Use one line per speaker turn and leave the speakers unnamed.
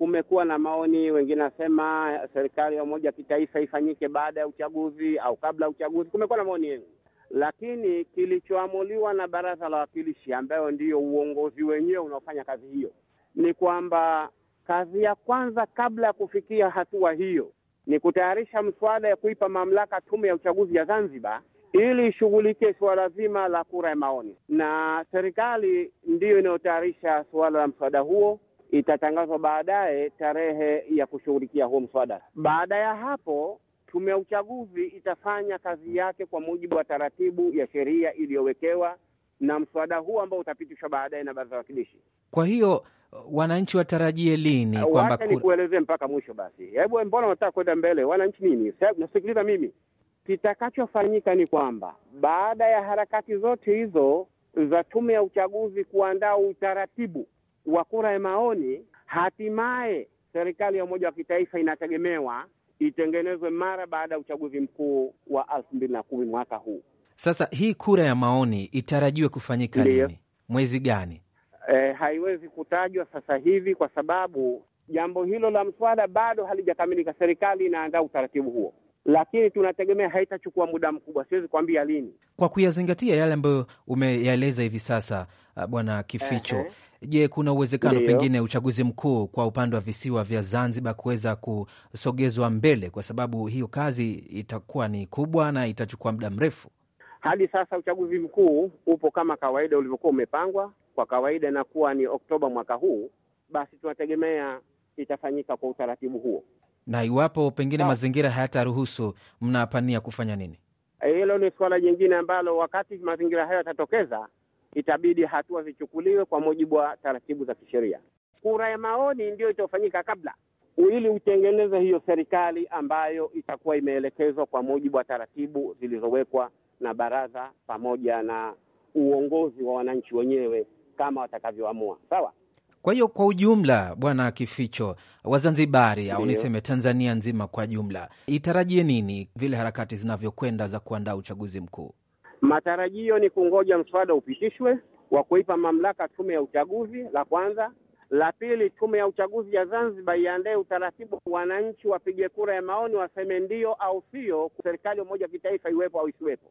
kumekuwa na maoni, wengine nasema serikali ya umoja kitaifa ifanyike baada ya uchaguzi au kabla ya uchaguzi. Kumekuwa na maoni yengi, lakini kilichoamuliwa na baraza la wawakilishi, ambayo ndiyo uongozi wenyewe unaofanya kazi hiyo, ni kwamba kazi ya kwanza kabla ya kufikia hatua hiyo ni kutayarisha mswada ya kuipa mamlaka tume ya uchaguzi ya Zanzibar ili ishughulikie suala zima la kura ya maoni, na serikali ndiyo inayotayarisha suala la mswada huo itatangazwa baadaye tarehe ya kushughulikia huo mswada. Baada ya hapo, tume ya uchaguzi itafanya kazi yake kwa mujibu wa taratibu ya sheria iliyowekewa na mswada huu ambao utapitishwa baadaye na baraza la wakilishi.
Kwa hiyo uh, wananchi watarajie lini? kwamba
nikuelezee mpaka mwisho basi. Hebu mbona unataka kwenda mbele? Wananchi nini? Nasikiliza mimi. Kitakachofanyika ni kwamba baada ya harakati zote hizo za tume ya uchaguzi kuandaa utaratibu wa kura ya maoni, hatimaye serikali ya umoja wa kitaifa inategemewa itengenezwe mara baada ya uchaguzi mkuu wa elfu mbili na kumi mwaka huu.
Sasa hii kura ya maoni itarajiwe kufanyika lini, mwezi gani?
E, haiwezi kutajwa sasa hivi kwa sababu jambo hilo la mswada bado halijakamilika. Serikali inaandaa utaratibu huo lakini tunategemea haitachukua muda mkubwa, siwezi kuambia lini.
Kwa kuyazingatia yale ambayo umeyaeleza hivi sasa, uh, Bwana Kificho, Je, kuna uwezekano Ndiyo. pengine uchaguzi mkuu kwa upande wa visiwa vya Zanzibar kuweza kusogezwa mbele, kwa sababu hiyo kazi itakuwa ni kubwa na itachukua muda mrefu?
Hadi sasa uchaguzi mkuu upo kama kawaida ulivyokuwa umepangwa, kwa kawaida inakuwa ni Oktoba mwaka huu, basi tunategemea itafanyika kwa utaratibu huo
na iwapo pengine no. mazingira hayataruhusu mnapania kufanya nini?
Hilo ni suala jingine ambalo wakati mazingira hayo yatatokeza, itabidi hatua zichukuliwe kwa mujibu wa taratibu za kisheria.
Kura ya maoni ndiyo
itayofanyika kabla, ili utengeneze hiyo serikali ambayo itakuwa imeelekezwa kwa mujibu wa taratibu zilizowekwa na baraza pamoja na uongozi wa wananchi wenyewe kama watakavyoamua. Sawa.
Kwa hiyo kwa ujumla, Bwana Kificho, Wazanzibari au niseme Tanzania nzima kwa jumla, itarajie nini vile harakati zinavyokwenda za kuandaa uchaguzi mkuu?
Matarajio ni kungoja mswada upitishwe wa kuipa mamlaka tume ya uchaguzi, la kwanza. La pili, tume ya uchaguzi ya Zanzibar iandae utaratibu, wananchi wapige kura ya maoni, waseme ndio au sio serikali umoja kitaifa iwepo au isiwepo.